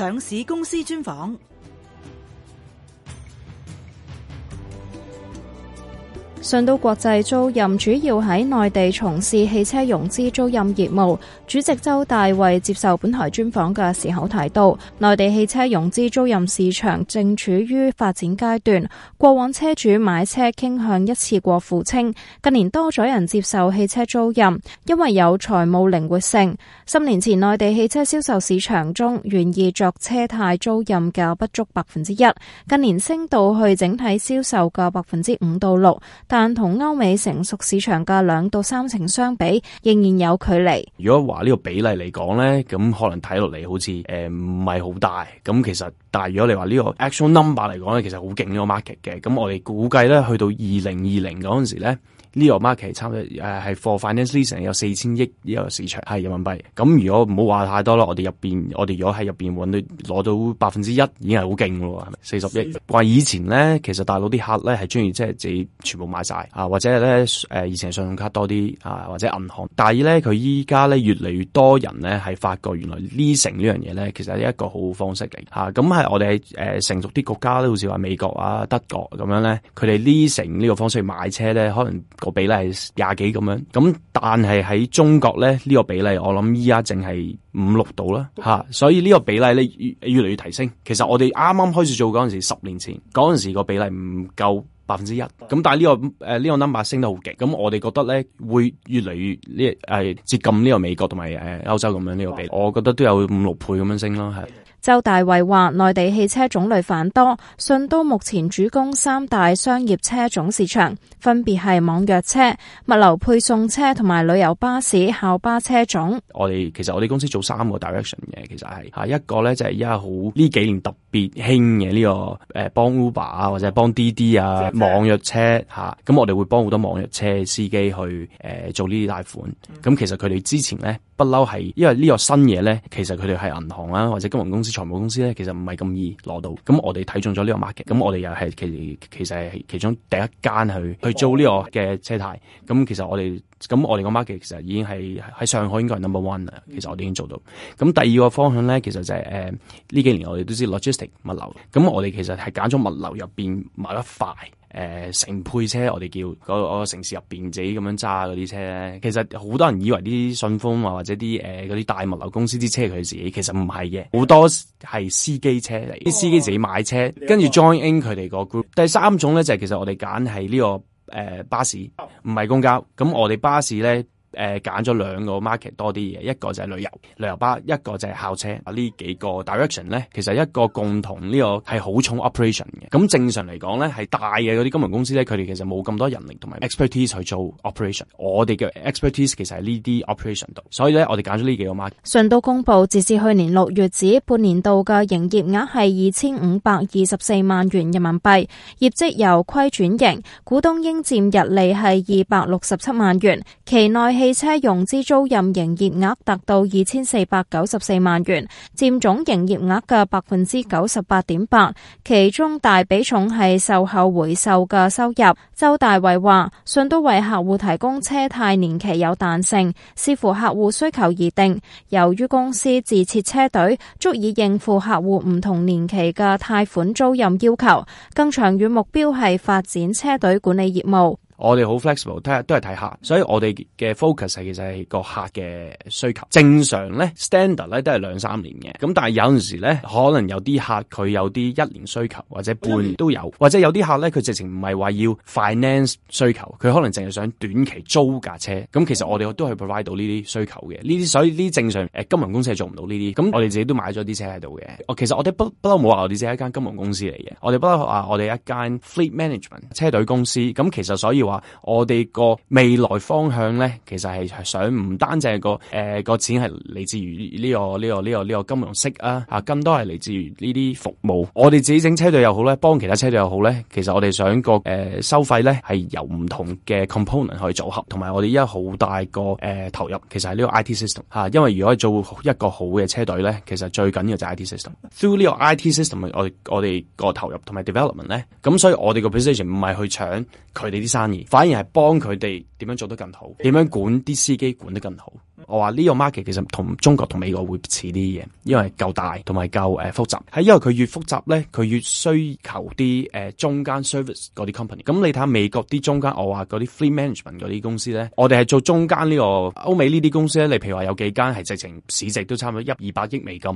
上市公司專訪。信都國際租賃主要喺內地從事汽車融資租賃業務。主席周大為接受本台專訪嘅時候提到，內地汽車融資租賃市場正處於發展階段。過往車主買車傾向一次過付清，近年多咗人接受汽車租賃，因為有財務靈活性。十年前內地汽車銷售市場中願意作車貸租賃嘅不足百分之一，近年升到去整體銷售嘅百分之五到六，但同歐美成熟市場嘅兩到三成相比，仍然有距離。如果話呢個比例嚟講咧，咁可能睇落嚟好似誒唔係好大。咁其實但係如果你話呢個 actual number 嚟講咧，其實好勁呢個 market 嘅。咁我哋估計咧，去到二零二零嗰陣時咧。呢個 market 差唔多誒係 for finance leasing 有四千億呢個市場係、這個、人民幣。咁如果唔好話太多啦，我哋入邊我哋如果喺入邊揾到攞到百分之一已經係好勁㗎喎，咪四十億？話億以前咧，其實大陸啲客咧係中意即係自己全部買晒，啊，或者係咧誒以前信用卡多啲啊，或者銀行。但係咧佢依家咧越嚟越多人咧係發覺原來 leasing 呢樣嘢咧其實係一個好，好方式嚟嚇。咁、啊、係我哋喺誒成熟啲國家都好似話美國啊、德國咁樣咧，佢哋 leasing 呢個方式去買車咧可能。個比例係廿幾咁樣，咁但係喺中國咧呢個比例，我諗依家淨係五六度啦，吓，所以呢個比例咧越越嚟越提升。其實我哋啱啱開始做嗰陣時，十年前嗰陣時個比例唔夠百分之一，咁但係呢個誒呢個 number 升得好極，咁我哋覺得咧會越嚟越呢誒接近呢個美國同埋誒歐洲咁樣呢個比例，我覺得都有五六倍咁樣升啦，係。周大為話：內地汽車種類繁多，信都目前主攻三大商業車種市場，分別係網約車、物流配送車同埋旅遊巴士、校巴車種。我哋其實我哋公司做三個 direction 嘅，其實係吓一個咧，就係而家好呢幾年特別興嘅呢個誒、呃、幫 Uber 啊或者幫滴滴啊謝謝網約車吓，咁、啊、我哋會幫好多網約車司機去誒、呃、做呢啲貸款。咁、嗯、其實佢哋之前咧不嬲係，因為呢個新嘢咧，其實佢哋係銀行啊或者金融公司。財務公司咧，其實唔係咁易攞到，咁我哋睇中咗呢個 market，咁我哋又係其其實係其中第一間去去做呢個嘅車貸，咁其實我哋咁我哋個 market 其實已經係喺上海應該係 number one 啦，其實我哋已經做到。咁第二個方向咧，其實就係誒呢幾年我哋都知 logistics 物流，咁我哋其實係揀咗物流入邊買得快。誒城、呃、配車我，我哋叫嗰個城市入邊自己咁樣揸嗰啲車咧，其實好多人以為啲順豐、啊、或者啲誒啲大物流公司啲車佢自己，其實唔係嘅，好多係司機車嚟，啲、哦、司機自己買車，跟住 join in 佢哋個 group。哦、第三種咧就係、是、其實我哋揀係呢個誒、呃、巴士，唔係公交。咁我哋巴士咧。誒，揀咗兩個 market 多啲嘢，一個就係旅遊，旅遊巴，一個就係校車。啊，呢幾個 direction 呢，其實一個共同呢、這個係好重 operation 嘅。咁正常嚟講呢，係大嘅嗰啲金融公司呢，佢哋其實冇咁多人力同埋 expertise 去做 operation。我哋嘅 expertise 其實係呢啲 operation 度。所以呢，我哋揀咗呢幾個 market。信都公布，截至去年六月止，半年度嘅營業額係二千五百二十四萬元人民幣，業績由虧轉盈。股東應佔溢利係二百六十七萬元，期內。汽車融資租賃營業額達到二千四百九十四萬元，佔總營業額嘅百分之九十八點八，其中大比重係售後回售嘅收入。周大為話，信都為客戶提供車貸年期有彈性，視乎客戶需求而定。由於公司自設車隊，足以應付客戶唔同年期嘅貸款租賃要求。更長遠目標係發展車隊管理業務。我哋好 flexible，睇下都係睇客，所以我哋嘅 focus 係其實係個客嘅需求。正常咧 standard 咧都係兩三年嘅，咁但係有陣時咧可能有啲客佢有啲一年需求或者半年都有，或者有啲客咧佢直情唔係話要 finance 需求，佢可能淨係想短期租架車。咁其實我哋都係 provide 到呢啲需求嘅，呢啲所以呢啲正常。誒，金融公司係做唔到呢啲，咁我哋自己都買咗啲車喺度嘅。我其實我哋不不嬲冇話我哋只係一間金融公司嚟嘅，我哋不嬲話我哋一間 fleet management 車隊公司。咁其實所以話我哋個未來方向咧，其實係想唔單止個誒、呃、個錢係嚟自於呢個呢個呢個呢個金融息啊，吓更多係嚟自於呢啲服務。我哋自己整車隊又好咧，幫其他車隊又好咧，其實我哋想個誒、呃、收費咧係由唔同嘅 component 去組合，同埋我哋依家好大個誒、呃、投入，其實係呢個 IT system 吓、啊。因為如果係做一個好嘅車隊咧，其實最緊要就係 IT system。Through 呢個 IT system，我我哋個投入同埋 development 咧，咁所以我哋個 position 唔係去搶佢哋啲生意。反而係幫佢哋點樣做得更好，點樣管啲司機管得更好。我話呢個 market 其實同中國同美國會似啲嘢，因為夠大，同埋夠誒複雜。係因為佢越複雜咧，佢越需求啲誒中間 service 嗰啲 company。咁你睇下美國啲中間，我話嗰啲 free management 嗰啲公司咧，我哋係做中間呢個歐美呢啲公司咧。你譬如話有幾間係直情市值都差唔多一二百億美金，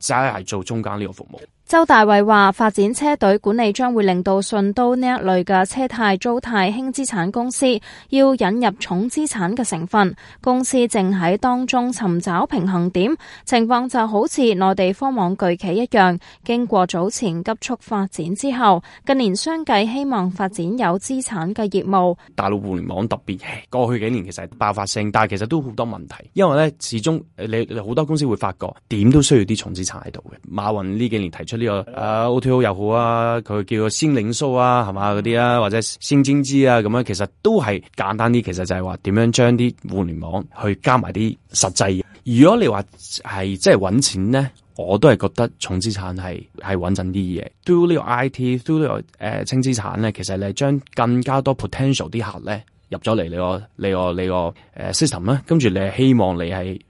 齋係做中間呢個服務。周大為話：發展車隊管理將會令到信都呢一類嘅車貸租貸輕資產公司要引入重資產嘅成分。公司正喺當中尋找平衡點，情況就好似內地科網巨企一樣。經過早前急速發展之後，近年相繼希望發展有資產嘅業務。大陸互聯網特別過去幾年其實係爆發性，但係其實都好多問題，因為咧始終你好多公司會發覺點都需要啲重資產喺度嘅。馬雲呢幾年提出呢、呢個啊，O to O 又好啊，佢叫做「新零售」啊，係嘛嗰啲啊，或者新經濟啊，咁樣其實都係簡單啲。其實就係話點樣將啲互聯網去加埋啲。實際，如果你話係即係搵錢咧，我都係覺得重資產係係穩陣啲嘢。through、uh, 呢個 I T，through 呢個誒輕資產咧，其實你係將更加多 potential 啲客咧入咗嚟你個你個你個誒、uh, system 啦。跟住你係希望你係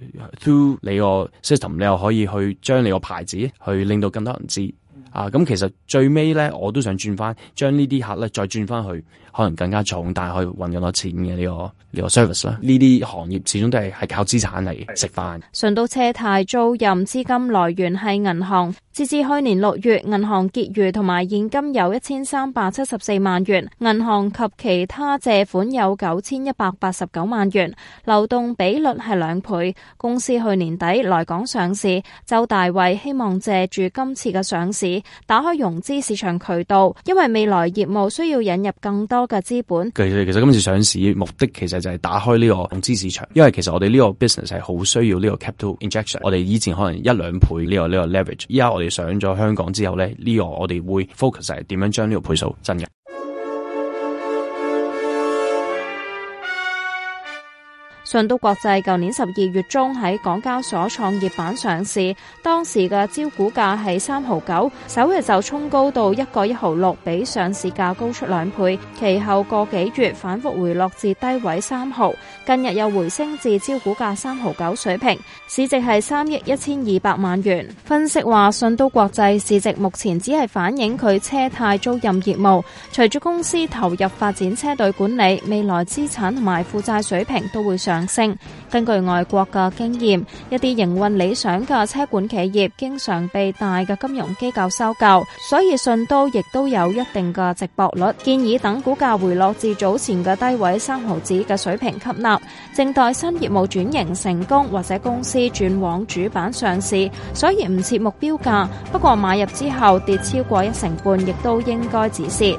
through 你個 system，你又可以去將你個牌子去令到更多人知。嗯、啊，咁其實最尾咧，我都想轉翻將呢啲客咧再轉翻去。可能更加重，但係可以搵更多錢嘅個呢個 service 啦。呢啲行業始終都係係靠資產嚟食飯。信都車貸租賃資金來源係銀行。截至去年六月，銀行結餘同埋現金有一千三百七十四萬元，銀行及其他借款有九千一百八十九萬元，流動比率係兩倍。公司去年底來港上市，周大為希望借住今次嘅上市，打開融資市場渠道，因為未來業務需要引入更多。多嘅資本，其實今次上市目的其實就係打開呢個融資市場，因為其實我哋呢個 business 係好需要呢個 capital injection，我哋以前可能一兩倍呢個呢個 leverage，依家我哋上咗香港之後咧，呢個我哋會 focus 係點樣將呢個倍數增嘅。信都國際舊年十二月中喺港交所創業板上市，當時嘅招股價係三毫九，首日就衝高到一個一毫六，比上市價高出兩倍。其後個幾月反覆回落至低位三毫，近日又回升至招股價三毫九水平，市值係三億一千二百萬元。分析話，信都國際市值目前只係反映佢車貸租賃業務，隨住公司投入發展車隊管理，未來資產同埋負債水平都會上升。根據外國嘅經驗，一啲營運理想嘅車管企業經常被大嘅金融機構收購，所以信都亦都有一定嘅值博率。建議等股價回落至早前嘅低位三毫子嘅水平吸納，靜待新業務轉型成功或者公司轉往主板上市。所以唔設目標價，不過買入之後跌超過一成半，亦都應該止蝕。